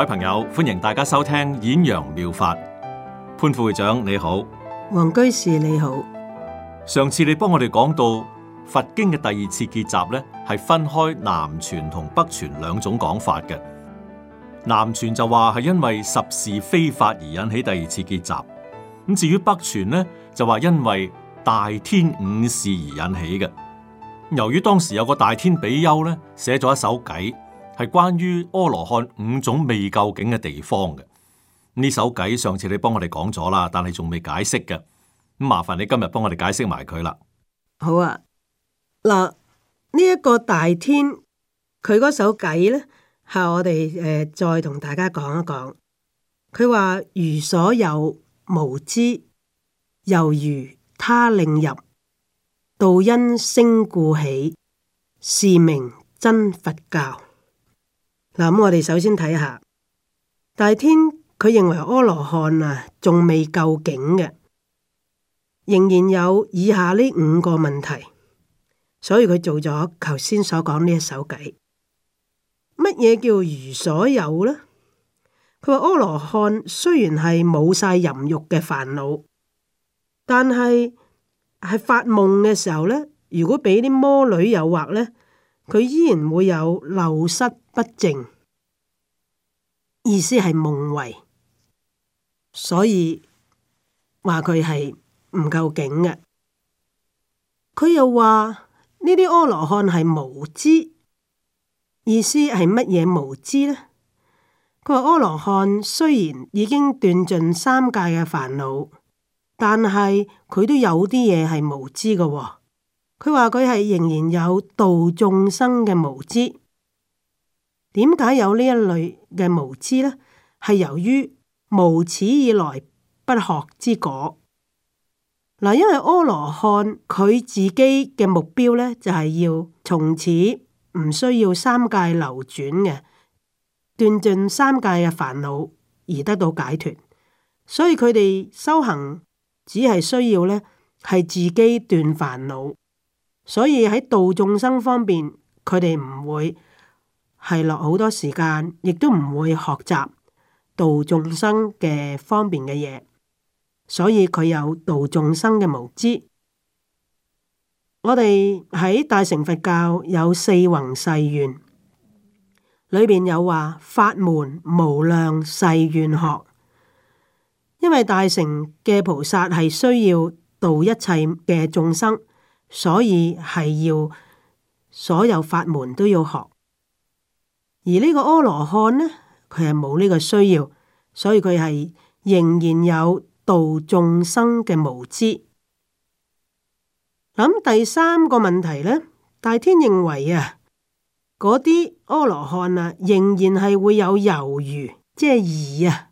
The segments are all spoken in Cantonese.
各位朋友，歡迎大家收聽《演揚妙，妙法》。潘副會長你好，王居士你好。上次你幫我哋講到佛經嘅第二次結集咧，係分開南傳同北傳兩種講法嘅。南傳就話係因為十事非法而引起第二次結集。咁至於北傳呢，就話因為大天五事而引起嘅。由於當時有個大天比丘咧，寫咗一首偈。係關於阿羅漢五種未究竟嘅地方嘅呢首偈。上次你幫我哋講咗啦，但係仲未解釋嘅。咁，麻煩你今日幫我哋解釋埋佢啦。好啊，嗱，呢一個大天佢嗰首偈咧，係我哋誒、呃、再同大家講一講。佢話，如所有無知，猶如他令入道，因聲故起，是名真佛教。咁、嗯、我哋首先睇下大天，佢認為阿羅漢啊仲未夠境嘅，仍然有以下呢五個問題，所以佢做咗頭先所講呢一首偈。乜嘢叫如所有呢？佢話阿羅漢雖然係冇晒淫欲嘅煩惱，但係係發夢嘅時候呢，如果俾啲魔女誘惑呢，佢依然會有漏失不淨。意思係夢為，所以話佢係唔夠境嘅。佢又話呢啲阿羅漢係無知，意思係乜嘢無知呢？佢話阿羅漢雖然已經斷盡三界嘅煩惱，但係佢都有啲嘢係無知嘅。佢話佢係仍然有度眾生嘅無知。點解有呢一類嘅無知呢？係由於無始以來不學之果。嗱，因為阿羅漢佢自己嘅目標呢，就係要從此唔需要三界流轉嘅斷盡三界嘅煩惱而得到解脱，所以佢哋修行只係需要呢，係自己斷煩惱，所以喺度眾生方面，佢哋唔會。係落好多時間，亦都唔會學習度眾生嘅方便嘅嘢，所以佢有度眾生嘅無知。我哋喺大乘佛教有四弘誓願，裏邊有話法門無量誓願學，因為大乘嘅菩薩係需要度一切嘅眾生，所以係要所有法門都要學。而呢個阿羅漢呢，佢係冇呢個需要，所以佢係仍然有度眾生嘅無知。咁第三個問題呢，大天認為啊，嗰啲阿羅漢啊，仍然係會有猶豫，即係疑啊。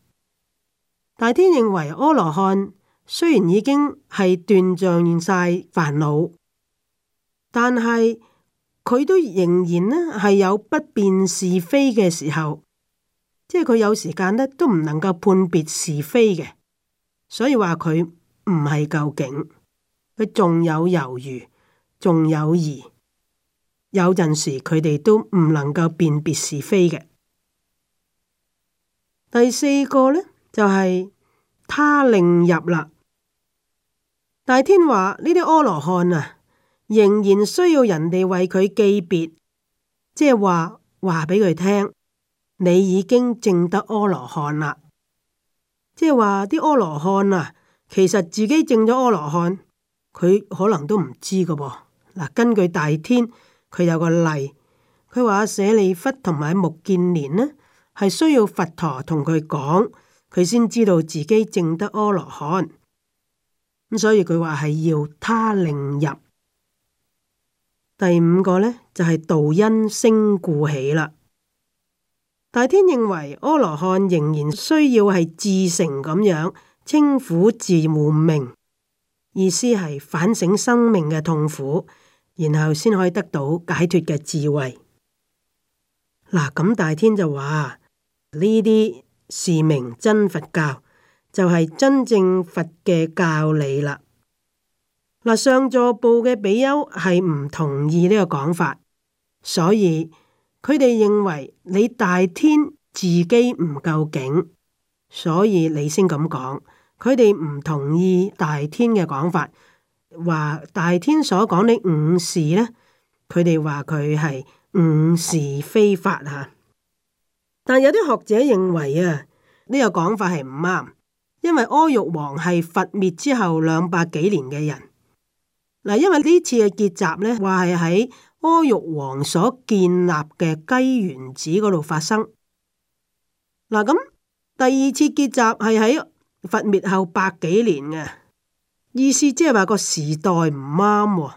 大天認為阿羅漢雖然已經係斷盡晒煩惱，但係，佢都仍然咧係有不辨是非嘅時候，即係佢有時間咧都唔能夠判別是非嘅，所以話佢唔係究竟，佢仲有猶豫，仲有疑，有陣時佢哋都唔能夠辨別是非嘅。第四個呢，就係、是、他令入啦，大天話呢啲阿羅漢啊。仍然需要人哋為佢記別，即係話，話俾佢聽，你已經證得阿羅漢啦。即係話啲阿羅漢啊，其實自己證咗阿羅漢，佢可能都唔知噶噃。嗱，根據大天，佢有個例，佢話舍利弗同埋目犍連呢，係需要佛陀同佢講，佢先知道自己證得阿羅漢。咁所以佢話係要他令入。第五個呢，就係、是、道因聲故起啦。大天認為阿羅漢仍然需要係自成咁樣，稱呼自悟名，意思係反省生命嘅痛苦，然後先可以得到解脫嘅智慧。嗱，咁大天就話呢啲是名真佛教，就係、是、真正佛嘅教理啦。嗱，上座部嘅比丘係唔同意呢個講法，所以佢哋認為你大天自己唔夠勁，所以你先咁講。佢哋唔同意大天嘅講法，話大天所講啲五事呢，佢哋話佢係五事非法吓。但有啲學者認為啊，呢個講法係唔啱，因為阿育王係佛滅之後兩百幾年嘅人。嗱，因為呢次嘅結集呢，話係喺阿育王所建立嘅雞園寺嗰度發生。嗱，咁第二次結集係喺佛滅後百幾年嘅，意思即係話個時代唔啱喎。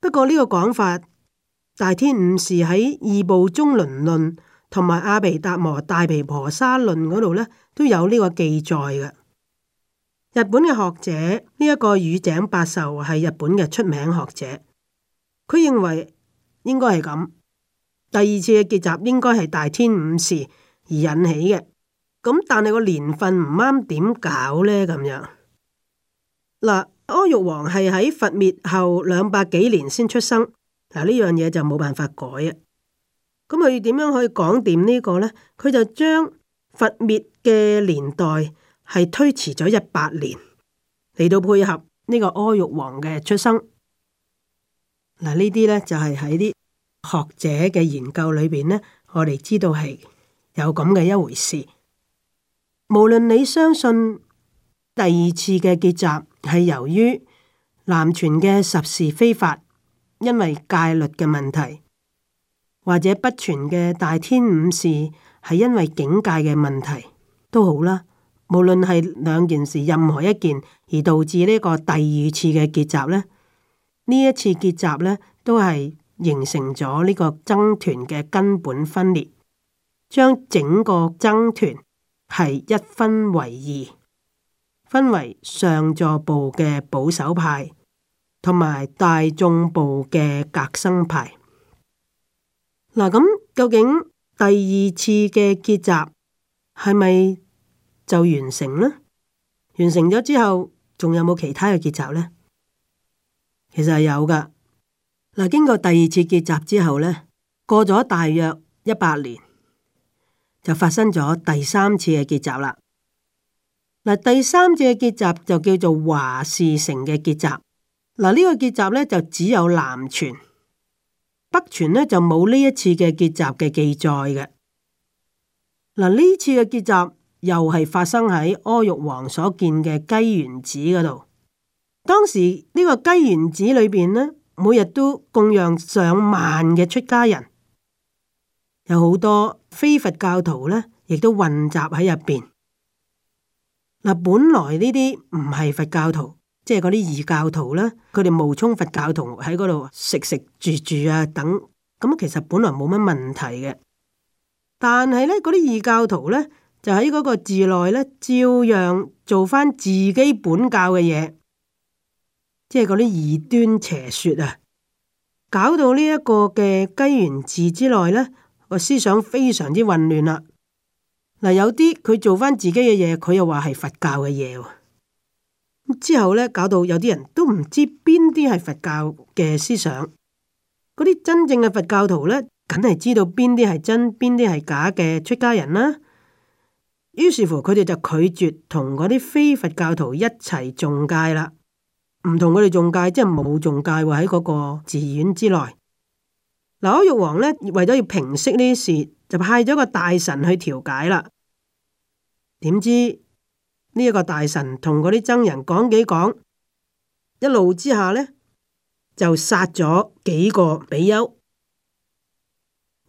不過呢個講法，大天五事喺異部宗輪論同埋阿毗達摩大毗婆沙論嗰度呢，都有呢個記載嘅。日本嘅學者呢一、這個宇井伯壽係日本嘅出名學者，佢認為應該係咁。第二次嘅結集應該係大天五事而引起嘅。咁但係個年份唔啱，點搞呢？咁樣嗱，阿育王係喺佛滅後兩百幾年先出生。嗱，呢樣嘢就冇辦法改啊。咁佢點樣可以講掂呢個呢？佢就將佛滅嘅年代，係推遲咗一百年嚟，到配合呢個阿育王嘅出生。嗱，呢啲呢就係喺啲學者嘅研究裏邊呢。我哋知道係有咁嘅一回事。無論你相信第二次嘅結集係由於南傳嘅十事非法，因為戒律嘅問題，或者北傳嘅大天五事係因為境界嘅問題，都好啦。無論係兩件事，任何一件而導致呢個第二次嘅結集咧，呢一次結集咧都係形成咗呢個僧團嘅根本分裂，將整個僧團係一分為二，分為上座部嘅保守派同埋大眾部嘅革新派。嗱咁，究竟第二次嘅結集係咪？就完成啦！完成咗之後，仲有冇其他嘅結集呢？其實係有噶。嗱，經過第二次結集之後呢，過咗大約一百年，就發生咗第三次嘅結集啦。嗱，第三次嘅結集就叫做華氏城嘅結集。嗱，呢個結集呢，就只有南傳，北傳呢，就冇呢一次嘅結集嘅記載嘅。嗱，呢次嘅結集。又係發生喺阿育王所建嘅雞園寺嗰度。當時呢個雞園寺裏邊呢，每日都供養上萬嘅出家人，有好多非佛教徒呢，亦都混雜喺入邊。嗱，本來呢啲唔係佛教徒，即係嗰啲異教徒呢，佢哋冒充佛教徒喺嗰度食食住住啊等，咁其實本來冇乜問題嘅。但係呢，嗰啲異教徒呢。就喺嗰個寺內咧，照樣做翻自己本教嘅嘢，即係嗰啲異端邪說啊，搞到呢一個嘅雞園寺之內咧，個思想非常之混亂啦。嗱，有啲佢做翻自己嘅嘢，佢又話係佛教嘅嘢喎。之後咧，搞到有啲人都唔知邊啲係佛教嘅思想，嗰啲真正嘅佛教徒咧，梗係知道邊啲係真，邊啲係假嘅出家人啦、啊。於是乎，佢哋就拒絕同嗰啲非佛教徒一齊誦戒啦。唔同佢哋誦戒，即係冇誦戒喺嗰個寺院之內，嗱，阿育王咧為咗要平息呢啲事，就派咗個大臣去調解啦。點知呢一個大臣同嗰啲僧人講幾講，一怒之下咧就殺咗幾個比丘。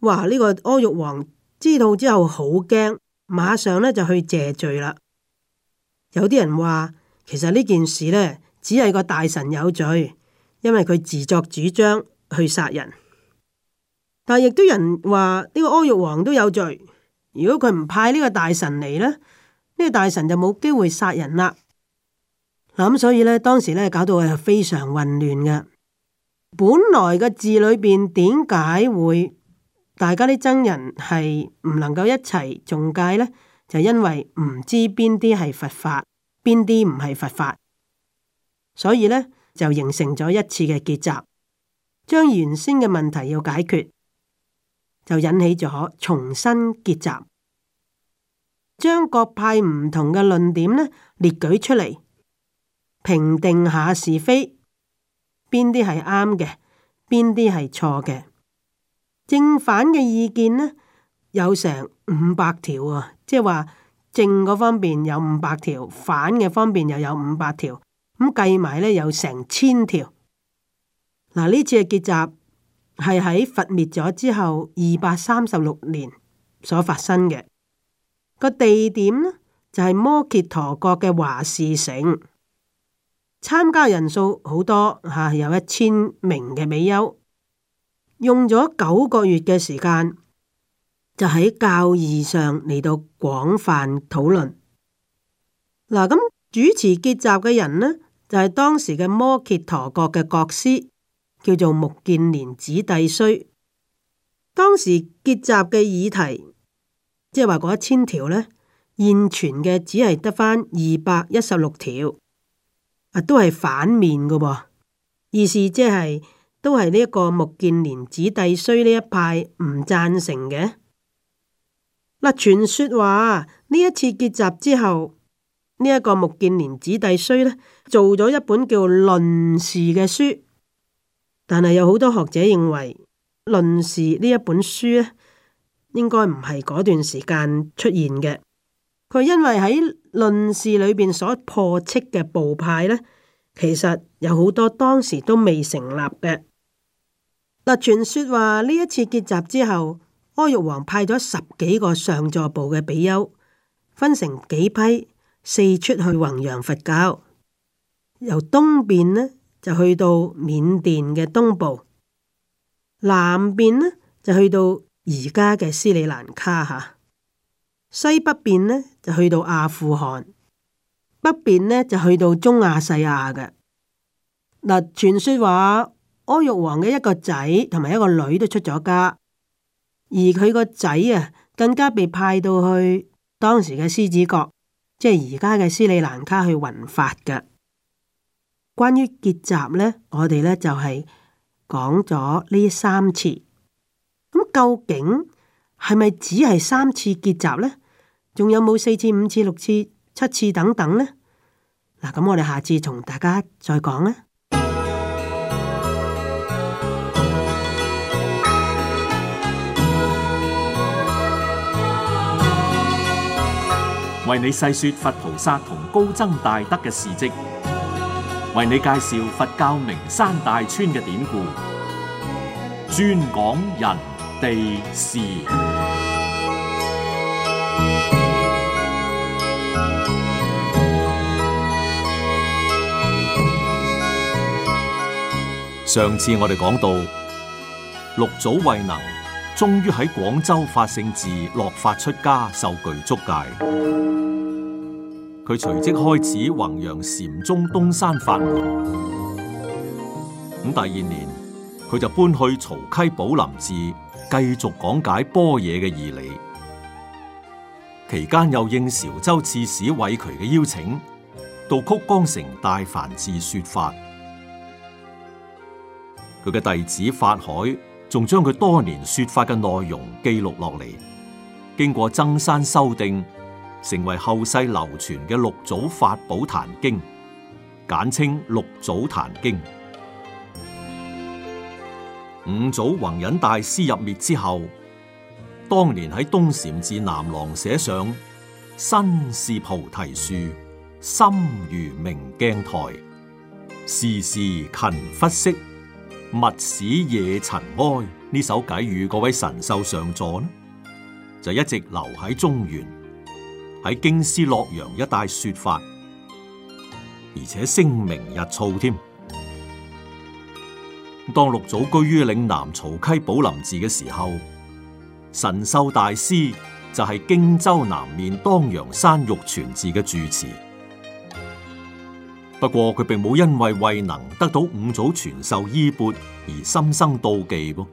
哇！呢個阿育王知道之後好驚。馬上呢就去謝罪啦。有啲人話其實呢件事呢，只係個大臣有罪，因為佢自作主張去殺人。但係亦都有人話呢、呢個阿育王都有罪。如果佢唔派呢個大臣嚟呢，呢、呢個大臣就冇機會殺人啦。嗱、嗯、咁所以呢，當時呢搞到係非常混亂嘅。本來嘅字裏面點解會？大家啲僧人係唔能夠一齊仲戒呢，就因為唔知邊啲係佛法，邊啲唔係佛法，所以呢，就形成咗一次嘅結集，將原先嘅問題要解決，就引起咗重新結集，將各派唔同嘅論點呢列舉出嚟，評定下是非，邊啲係啱嘅，邊啲係錯嘅。正反嘅意見呢，有成五百條啊，即係話正嗰方面有五百條，反嘅方面又有五百條，咁計埋呢，有成千條。嗱、啊、呢次嘅結集係喺佛滅咗之後二百三十六年所發生嘅，個地點呢，就係、是、摩揭陀國嘅華氏城，參加人數好多嚇、啊，有一千名嘅比丘。用咗九個月嘅時間，就喺教義上嚟到廣泛討論。嗱，咁主持結集嘅人呢，就係、是、當時嘅摩羯陀國嘅國師，叫做木建連子帝須。當時結集嘅議題，即係話嗰一千條呢，現存嘅只係得返二百一十六條，啊，都係反面嘅，意思即、就、係、是。都係呢一個目犍連子帝須呢一派唔讚成嘅。嗱，傳說話呢一次結集之後，呢、這、一個目犍連子帝須呢，做咗一本叫《論事》嘅書，但係有好多學者認為《論事》呢一本書咧應該唔係嗰段時間出現嘅。佢因為喺《論事》裏邊所破斥嘅部派呢，其實有好多當時都未成立嘅。傳說話，傳説話，呢一次結集之後，阿育王派咗十幾個上座部嘅比丘，分成幾批四出去弘揚佛教。由東邊呢，就去到緬甸嘅東部，南邊呢，就去到而家嘅斯里蘭卡嚇，西北邊呢，就去到阿富汗，北邊呢，就去到中亞細亞嘅。嗱，傳説話。安玉王嘅一個仔同埋一個女都出咗家，而佢個仔啊更加被派到去當時嘅獅子國，即係而家嘅斯里蘭卡去弘法嘅。關於結集呢，我哋呢就係講咗呢三次。咁究竟係咪只係三次結集呢？仲有冇四次、五次、六次、七次等等呢？嗱，咁我哋下次同大家再講啦。為你細說佛菩薩同高僧大德嘅事跡，為你介紹佛教名山大川嘅典故，專講人地事。上次我哋講到六祖慧能，終於喺廣州法性寺落髮出家受具足戒，佢隨即開始弘揚禪宗東山法門。咁第二年，佢就搬去曹溪寶林寺繼續講解般若嘅義理。期間又應潮州刺史韋璩嘅邀請，到曲江城大梵寺說法。佢嘅弟子法海。仲將佢多年說法嘅內容記錄落嚟，經過增刪修訂，成為後世流傳嘅六祖法寶壇經，簡稱六祖壇經。五祖弘忍大師入滅之後，當年喺東禪寺南廊寫上：身是菩提樹，心如明鏡台，時時勤拂拭。勿使惹塵埃呢首偈語，各位，神秀上座呢，就一直留喺中原，喺京師洛陽一帶說法，而且聲名日噪添。當六祖居於嶺南曹溪寶林寺嘅時候，神秀大師就係荊州南面當陽山玉泉寺嘅住持。不過佢並冇因為慧能得到五祖傳授衣缽而心生妒忌噃，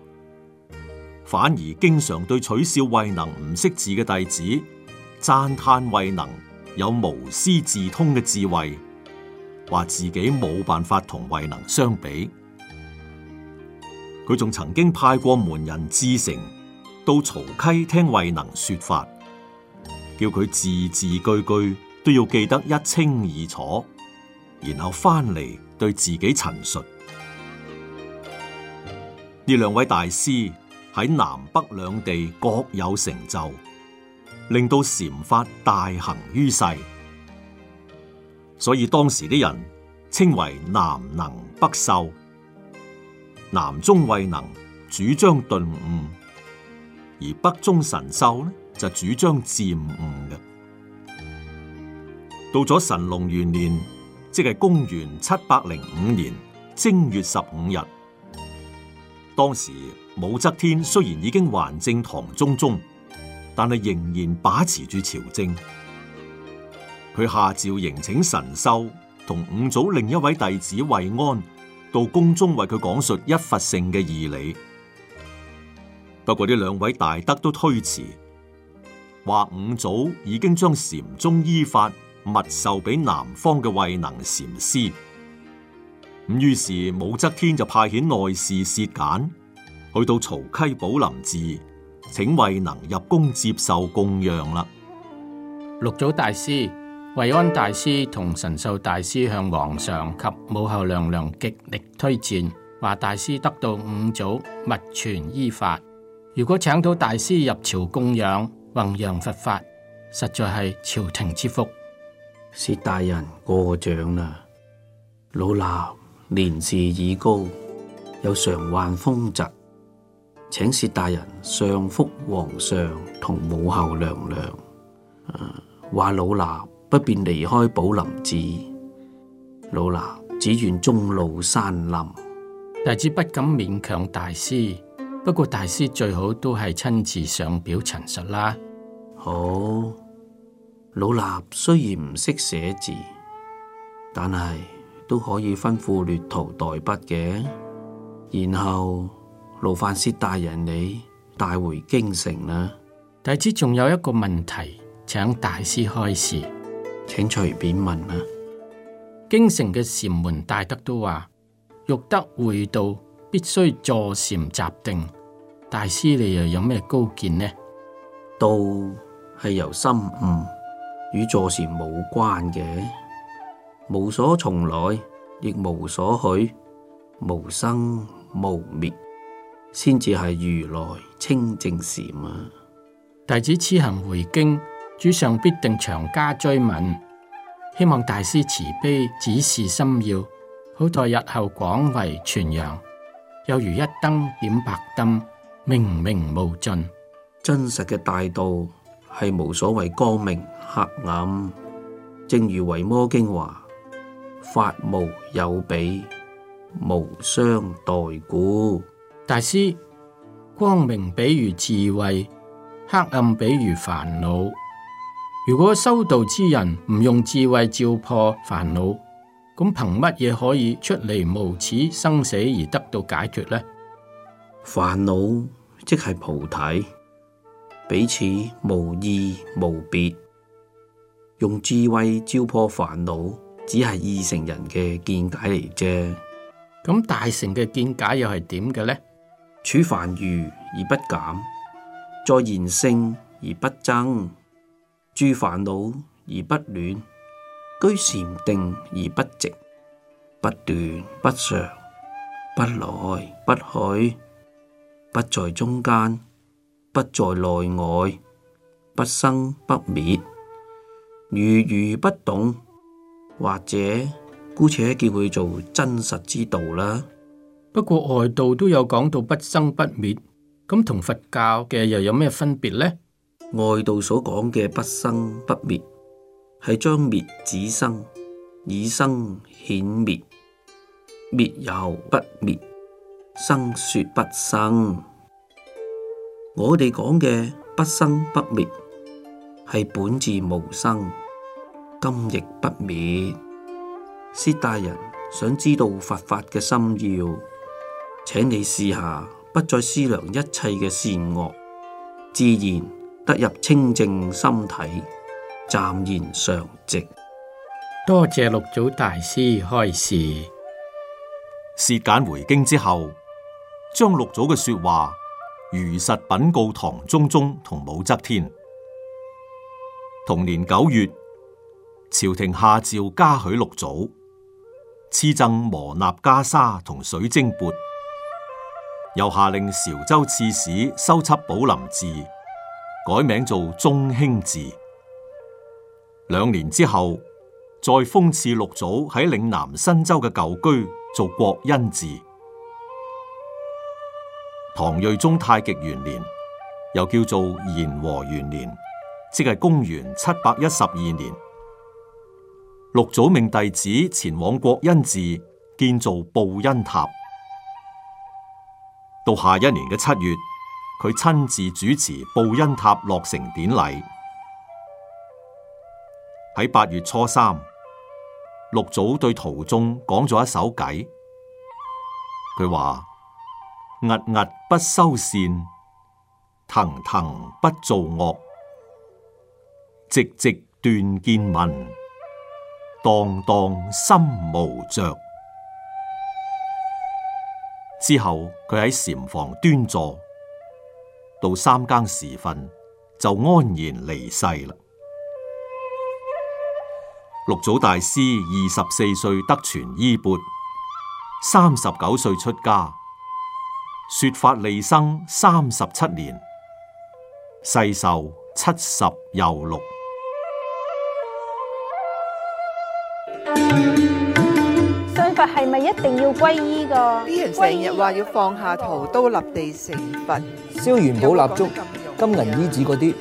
反而經常對取笑慧能唔識字嘅弟子讚嘆慧能有無師自通嘅智慧，話自己冇辦法同慧能相比。佢仲曾經派過門人志誠到曹溪聽慧能說法，叫佢字字句句都要記得一清二楚。然後翻嚟對自己陳述。呢兩位大師喺南北兩地各有成就，令到禪法大行於世。所以當時的人稱為南能北秀。南宗慧能主張頓悟，而北宗神秀呢就主張漸悟嘅。到咗神龍元年。即係公元七百零五年正月十五日，當時武則天雖然已經還政唐中宗，但係仍然把持住朝政。佢下詔迎請神秀同五祖另一位弟子惠安到宮中為佢講述一佛性嘅義理。不過呢兩位大德都推辭，話五祖已經將禪宗依法。密授俾南方嘅慧能禪師，咁於是武則天就派遣內侍薛簡去到曹溪寶林寺，請慧能入宮接受供養啦。六祖大師、惠安大師同神秀大師向皇上及母后娘娘極力推薦，話大師得到五祖密傳衣法，如果請到大師入朝供養弘揚佛法，實在係朝廷之福。薛大人過獎啦，老衲年事已高，又常患風疾，請薛大人上覆皇上同母后娘娘，話、啊、老衲不便離開寶林寺，老衲只願終老山林。弟子不敢勉強大師，不過大師最好都係親自上表陳述啦。好。老衲雖然唔識寫字，但係都可以吩咐劣徒代筆嘅。然後勞煩薛大人你帶回京城啦。弟子仲有一個問題，請大師開示。請隨便問啦。京城嘅禪門大德都話，欲得會道，必須坐禪習定。大師你又有咩高見呢？道係由心悟。與坐禪無關嘅，無所從來，亦無所去，無生無滅，先至係如來清淨禪啊！弟子此行回京，主上必定長加追問，希望大師慈悲指示心要，好待日後廣為傳揚。又如一燈點百燈，明明無盡，真實嘅大道。係無所謂光明黑暗，正如《維摩經》話：「法無有比，無相待故。」大師，光明比如智慧，黑暗比如煩惱。如果修道之人唔用智慧照破煩惱，咁憑乜嘢可以出離無始生死而得到解脫呢？煩惱即係菩提。彼此無異無別，用智慧照破煩惱，只係二乘人嘅見解嚟嘅。咁大乘嘅見解又係點嘅呢？處凡愚而不減，在賢聖而不爭，住煩惱而不亂，居禪定而不寂，不斷不常，不來不去，不在中間。不在內外，不生不滅。如如不動，或者姑且叫佢做真實之道啦。不過外道都有講到不生不滅，咁同佛教嘅又有咩分別呢？外道所講嘅不生不滅，係將滅止生，以生顯滅，滅又不滅，生說不生。我哋講嘅不生不滅係本自無生，今亦不滅。薛大人想知道佛法嘅心要，請你試下不再思量一切嘅善惡，自然得入清淨心體，暫然常寂。多謝六祖大師開示。薛簡回京之後，將六祖嘅說話，如實稟告唐中宗同武則天。同年九月，朝廷下詔嘉許六祖，賜贈磨納袈裟同水晶鉢，又下令潮州刺史收葺寶林寺，改名做中興寺。兩年之後，再封賜六祖喺嶺南新州嘅舊居做國恩寺。唐睿宗太極元年，又叫做延和元年，即係公元七百一十二年。六祖命弟子前往國恩寺建造報恩塔。到下一年嘅七月，佢親自主持報恩塔落成典禮。喺八月初三，六祖對徒眾講咗一首偈，佢話。屹屹不修善，騰騰不造惡，寂寂斷見聞，蕩蕩心無着。之後佢喺禪房端坐，到三更時分就安然離世啦。六祖大師二十四歲得傳衣鉢，三十九歲出家。說法利生三十七年，世壽七十又六。信佛係咪一定要皈依㗎？啲人成日話要放下屠刀立地成佛，燒元寶蠟燭、金銀衣紙嗰啲，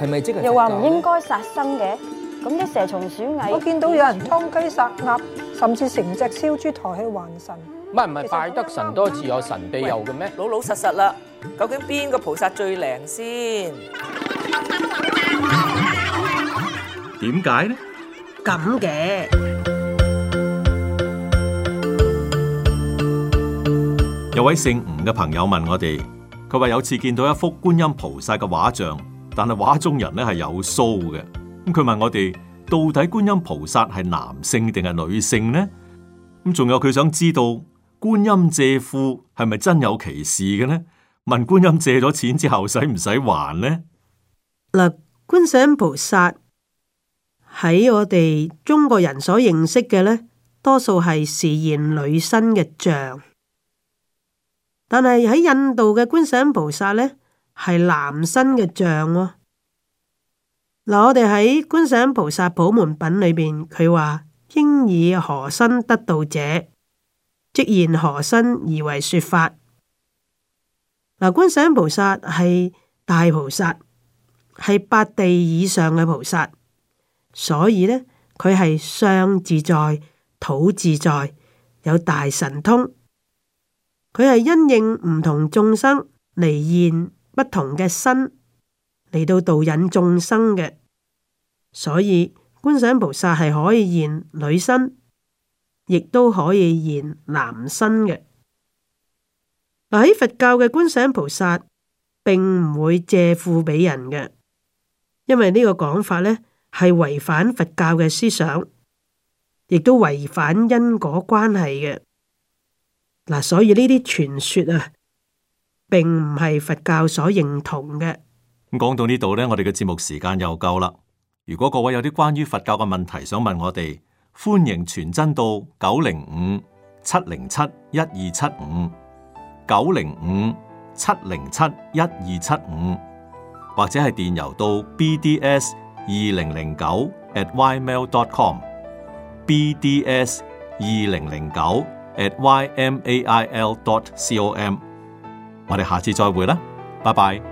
係咪、嗯、即係？又話唔應該殺生嘅，咁啲、嗯、蛇蟲鼠蟻，我見到有人劏雞殺鴨，甚至成隻燒豬抬去還神。唔唔係，拜得神多自有神庇佑嘅咩？老老實實啦，究竟邊個菩薩最靈先？點解呢？咁嘅有位姓吳嘅朋友問我哋，佢話有次見到一幅觀音菩薩嘅畫像，但係畫中人咧係有鬚嘅。咁佢問我哋，到底觀音菩薩係男性定係女性呢？咁仲有佢想知道。觀音借庫係咪真有其事嘅呢？問觀音借咗錢之後，使唔使還呢？嗱，觀世音菩薩喺我哋中國人所認識嘅呢，多數係示現女身嘅像，但係喺印度嘅觀世音菩薩呢，係男身嘅像喎。嗱，我哋喺觀世音菩薩普門品裏邊，佢話應以何身得道者？即現何身而為說法？嗱，觀世音菩薩係大菩薩，係八地以上嘅菩薩，所以呢，佢係相自在、土自在，有大神通。佢係因應唔同眾生嚟現不同嘅身嚟到導引眾生嘅，所以觀世音菩薩係可以現女身。亦都可以現男身嘅。嗱，喺佛教嘅觀音菩薩，並唔會借庫俾人嘅，因為呢個講法呢係違反佛教嘅思想，亦都違反因果關係嘅。嗱，所以呢啲傳說啊，並唔係佛教所認同嘅。咁講到呢度呢，我哋嘅節目時間又夠啦。如果各位有啲關於佛教嘅問題想問我哋。歡迎傳真到九零五七零七一二七五，九零五七零七一二七五，75, 75, 或者係電郵到 bds 二零零九 at ymail dot com, dot ym com，bds 二零零九 at y m a i l dot c o m，我哋下次再會啦，拜拜。